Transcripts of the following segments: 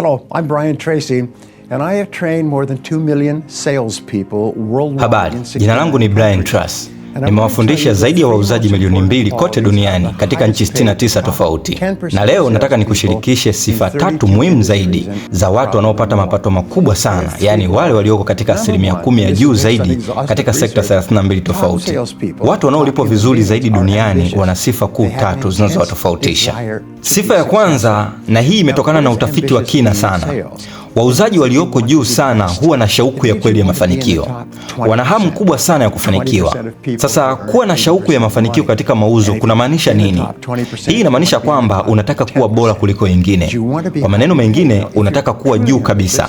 Hello, I'm Brian Tracy. And I have trained more than 2 million salespeople worldwide. Habari, jina langu ni Brian Tracy Nimewafundisha zaidi ya wauzaji milioni mbili kote duniani katika nchi 69 tofauti, na leo nataka nikushirikishe sifa tatu muhimu zaidi za watu wanaopata mapato makubwa sana, yaani wale walioko katika asilimia kumi ya juu zaidi katika sekta 32 tofauti. Watu wanaolipwa vizuri zaidi duniani wana sifa kuu tatu zinazowatofautisha. Sifa ya kwanza, na hii imetokana na utafiti wa kina sana Wauzaji walioko juu sana huwa na shauku ya kweli ya mafanikio, wana hamu kubwa sana ya kufanikiwa. Sasa kuwa na shauku ya mafanikio katika mauzo kunamaanisha nini? Hii inamaanisha kwamba unataka kuwa bora kuliko wengine. Kwa maneno mengine, unataka kuwa juu kabisa.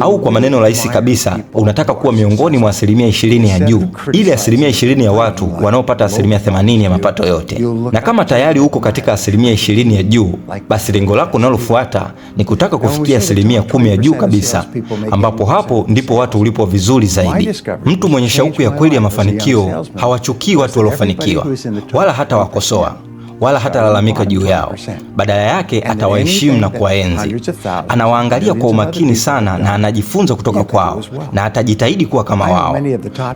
Au kwa maneno rahisi kabisa, unataka kuwa miongoni mwa asilimia ishirini ya juu, ili asilimia ishirini ya watu wanaopata asilimia themanini ya mapato yote. Na kama tayari uko katika asilimia ishirini ya juu, basi lengo lako unalofuata ni kutaka kufikia asilimia kumi ya juu kabisa, ambapo hapo ndipo watu ulipo vizuri zaidi. Mtu mwenye shauku ya kweli ya mafanikio hawachukii watu waliofanikiwa, wala hata wakosoa wala hatalalamika juu yao. Badala yake atawaheshimu na kuwaenzi. Anawaangalia kwa umakini sana na anajifunza kutoka kwao na atajitahidi kuwa kama wao.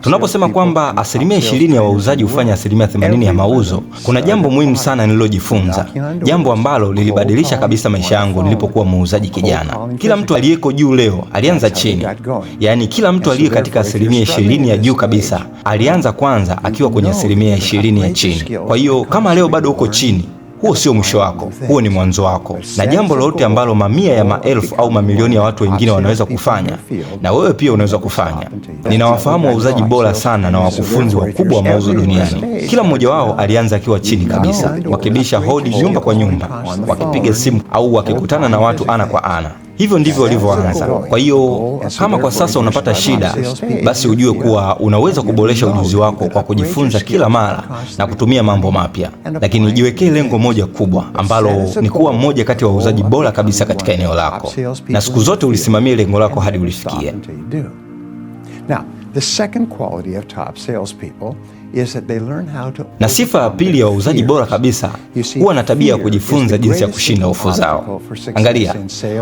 Tunaposema kwamba asilimia ishirini ya wauzaji hufanya asilimia themanini ya mauzo, kuna jambo muhimu sana nililojifunza, jambo ambalo lilibadilisha kabisa maisha yangu nilipokuwa muuzaji kijana. Kila mtu aliyeko juu leo alianza chini, yaani kila mtu aliye katika asilimia ishirini ya juu kabisa alianza kwanza akiwa kwenye asilimia ishirini ya chini. Kwa hiyo kama leo bado uko chini, huo sio mwisho wako, huo ni mwanzo wako. Na jambo lolote ambalo mamia ya maelfu au mamilioni ya watu wengine wanaweza kufanya, na wewe pia unaweza kufanya. Ninawafahamu wauzaji bora sana na wakufunzi wakubwa wa mauzo duniani. Kila mmoja wao alianza akiwa chini kabisa, wakibisha hodi nyumba kwa nyumba, wakipiga simu au wakikutana na watu ana kwa ana. Hivyo ndivyo walivyoanza. Kwa hiyo kama kwa sasa unapata shida, basi ujue kuwa unaweza kuboresha ujuzi wako kwa kujifunza kila mara na kutumia mambo mapya, lakini jiwekee lengo moja kubwa ambalo ni kuwa mmoja kati ya wa wauzaji bora kabisa katika eneo lako, na siku zote ulisimamie lengo lako hadi ulifikie. The second quality of top salespeople is that they learn how to. Na sifa ya pili ya wauzaji bora kabisa huwa na tabia ya kujifunza jinsi ya kushinda hofu zao. Angalia,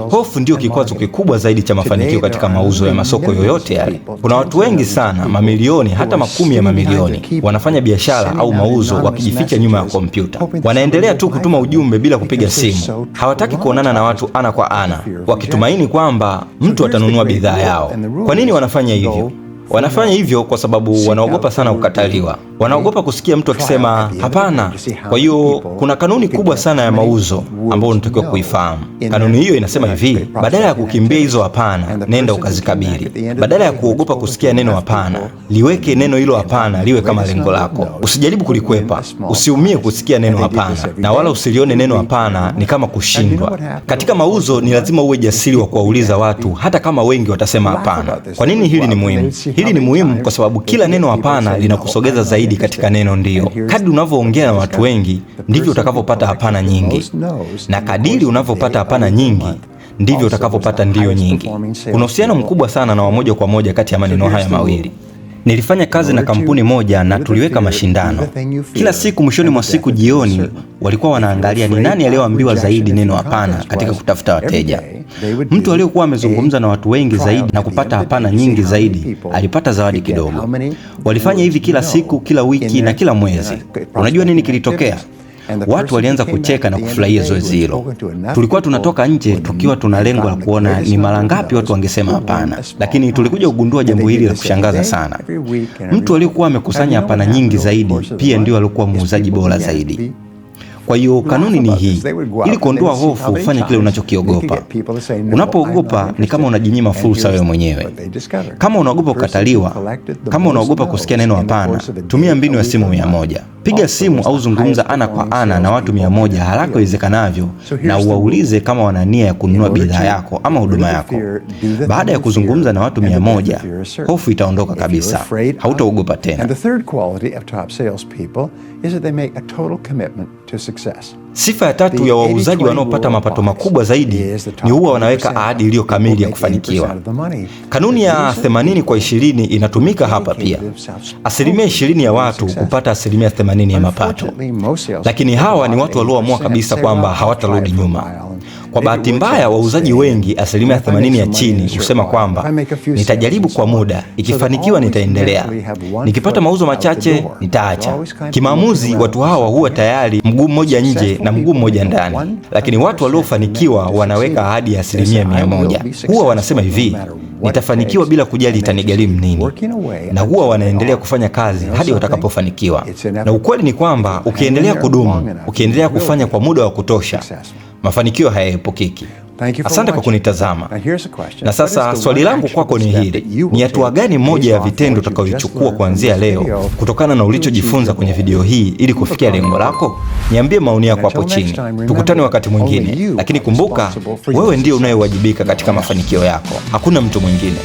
hofu ndiyo kikwazo kikubwa zaidi cha mafanikio katika mauzo ya masoko yoyote yale. Kuna watu wengi sana, mamilioni, hata makumi ya mamilioni, wanafanya biashara au mauzo wakijificha nyuma ya kompyuta. Wanaendelea tu kutuma ujumbe bila kupiga simu, hawataki kuonana na watu ana kwa ana, wakitumaini kwamba mtu atanunua bidhaa yao. Kwa nini wanafanya hivyo? Wanafanya hivyo kwa sababu wanaogopa sana kukataliwa, wanaogopa kusikia mtu akisema hapana. Kwa hiyo kuna kanuni kubwa sana ya mauzo ambayo unatakiwa kuifahamu. Kanuni hiyo inasema hivi: badala ya kukimbia hizo hapana, nenda ukazikabili. Badala ya kuogopa kusikia neno hapana, liweke neno hilo hapana liwe kama lengo lako. Usijaribu kulikwepa, usiumie kusikia neno hapana, na wala usilione neno hapana ni kama kushindwa. Katika mauzo ni lazima uwe jasiri wa kuwauliza watu, hata kama wengi watasema hapana. Kwa nini? Hili ni muhimu. Hili ni muhimu kwa sababu kila neno hapana linakusogeza zaidi katika neno ndiyo. Kadri unavyoongea na watu wengi, ndivyo utakavyopata hapana nyingi, na kadiri unavyopata hapana nyingi ndivyo utakavyopata ndiyo nyingi. Kuna uhusiano mkubwa sana na wa moja kwa moja kati ya maneno haya mawili. Nilifanya kazi na kampuni moja na tuliweka mashindano kila siku. Mwishoni mwa siku jioni, walikuwa wanaangalia ni nani aliyoambiwa zaidi neno hapana katika kutafuta wateja. Mtu aliyokuwa amezungumza na watu wengi zaidi na kupata hapana nyingi zaidi alipata zawadi kidogo. Walifanya hivi kila siku, kila wiki na kila mwezi. Unajua nini kilitokea? Watu walianza kucheka na kufurahia zoezi hilo. Tulikuwa tunatoka nje tukiwa tuna lengo la kuona ni mara ngapi watu wangesema hapana, lakini tulikuja kugundua jambo hili la kushangaza sana. Mtu aliyekuwa amekusanya hapana nyingi zaidi pia ndio alikuwa muuzaji bora zaidi. Kwa hiyo kanuni ni hii, ili kuondoa hofu, ufanye kile unachokiogopa. Unapoogopa ni kama unajinyima fursa wewe mwenyewe. Kama unaogopa kukataliwa, kama unaogopa kusikia neno hapana, tumia mbinu ya simu mia moja. Piga simu au zungumza ana kwa ana na watu mia moja haraka iwezekanavyo na uwaulize kama wana nia ya kununua bidhaa yako ama huduma yako. Baada ya kuzungumza na watu mia moja, hofu itaondoka kabisa, hautaogopa tena. Sifa ya tatu ya wauzaji wanaopata mapato makubwa zaidi ni huwa wanaweka ahadi iliyo kamili ya kufanikiwa. Kanuni ya 80 kwa 20 inatumika hapa pia. Asilimia 20 ya watu hupata asilimia 80 ya mapato, lakini hawa ni watu walioamua kabisa kwamba hawatarudi nyuma. Kwa bahati mbaya, wauzaji wengi, asilimia 80 ya chini, husema kwamba nitajaribu kwa muda, ikifanikiwa nitaendelea, nikipata mauzo machache nitaacha. Kimaamuzi, watu hawa huwa tayari mguu mmoja nje na mguu mmoja ndani, lakini watu waliofanikiwa wanaweka ahadi ya asilimia mia moja. Huwa wanasema hivi nitafanikiwa bila kujali itanigharimu nini, na huwa wanaendelea kufanya kazi hadi watakapofanikiwa. Na ukweli ni kwamba ukiendelea kudumu, ukiendelea kufanya kwa muda wa kutosha mafanikio hayaepukiki. Asante kwa kunitazama. Na sasa swali langu kwako ni hili: ni hatua gani moja ya vitendo utakayoichukua kuanzia leo kutokana na ulichojifunza kwenye video hii ili kufikia lengo lako? Niambie maoni yako hapo chini. Tukutane wakati mwingine, lakini kumbuka, wewe ndiye unayewajibika katika mafanikio yako, hakuna mtu mwingine.